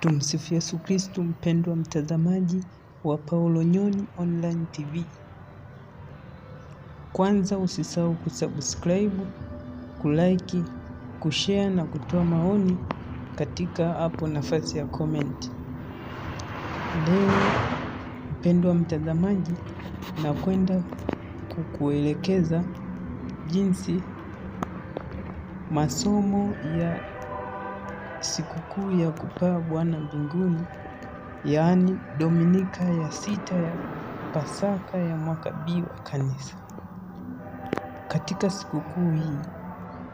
Tumsifu Yesu Kristu, mpendwa mtazamaji wa Paulo Nyoni Online TV. Kwanza usisahau kusubscribe, kulike, kushare na kutoa maoni katika hapo nafasi ya comment. Leo mpendwa mtazamaji, nakwenda kukuelekeza jinsi masomo ya Sikukuu ya Kupaa Bwana Mbinguni, yaani Dominika ya sita ya Pasaka ya mwaka B wa Kanisa. Katika sikukuu hii,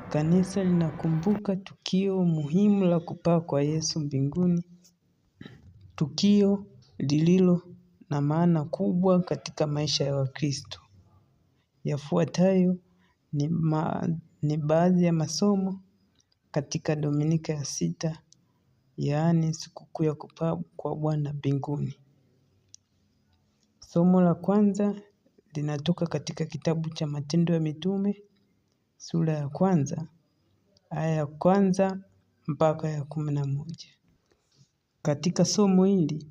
Kanisa linakumbuka tukio muhimu la kupaa kwa Yesu mbinguni, tukio lililo na maana kubwa katika maisha ya Wakristo. Yafuatayo ni, ni baadhi ya masomo katika Dominika ya Sita, yaani sikukuu ya kupaa kwa Bwana mbinguni. Somo la kwanza linatoka katika kitabu cha Matendo ya Mitume sura ya kwanza aya ya kwanza mpaka ya kumi na moja. Katika somo hili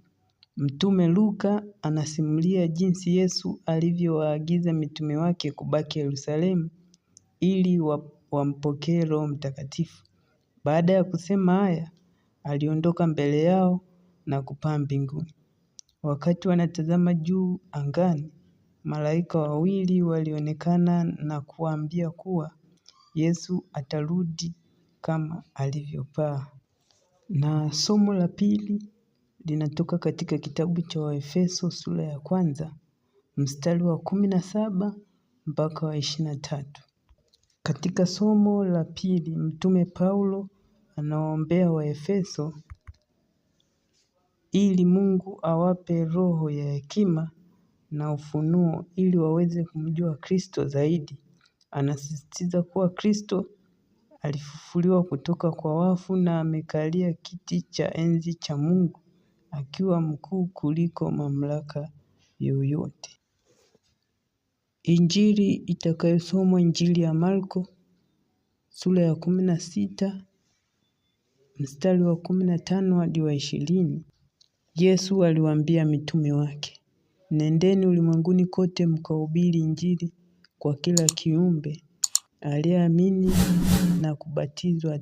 Mtume Luka anasimulia jinsi Yesu alivyowaagiza mitume wake kubaki Yerusalemu ili wampokee Roho Mtakatifu baada ya kusema haya, aliondoka mbele yao na kupaa mbinguni. Wakati wanatazama juu angani, malaika wawili walionekana na kuwaambia kuwa Yesu atarudi kama alivyopaa. Na somo la pili linatoka katika kitabu cha Waefeso sura ya kwanza mstari wa kumi na saba mpaka wa ishirini na tatu. Katika somo la pili Mtume Paulo anawaombea Waefeso ili Mungu awape roho ya hekima na ufunuo ili waweze kumjua Kristo zaidi. Anasisitiza kuwa Kristo alifufuliwa kutoka kwa wafu na amekalia kiti cha enzi cha Mungu akiwa mkuu kuliko mamlaka yoyote. Injili itakayosomwa Injili ya Marko sura ya kumi na sita mstari wa kumi na tano hadi wa ishirini. Yesu aliwaambia mitume wake, nendeni ulimwenguni kote mkahubiri Injili kwa kila kiumbe, aliyeamini na kubatizwa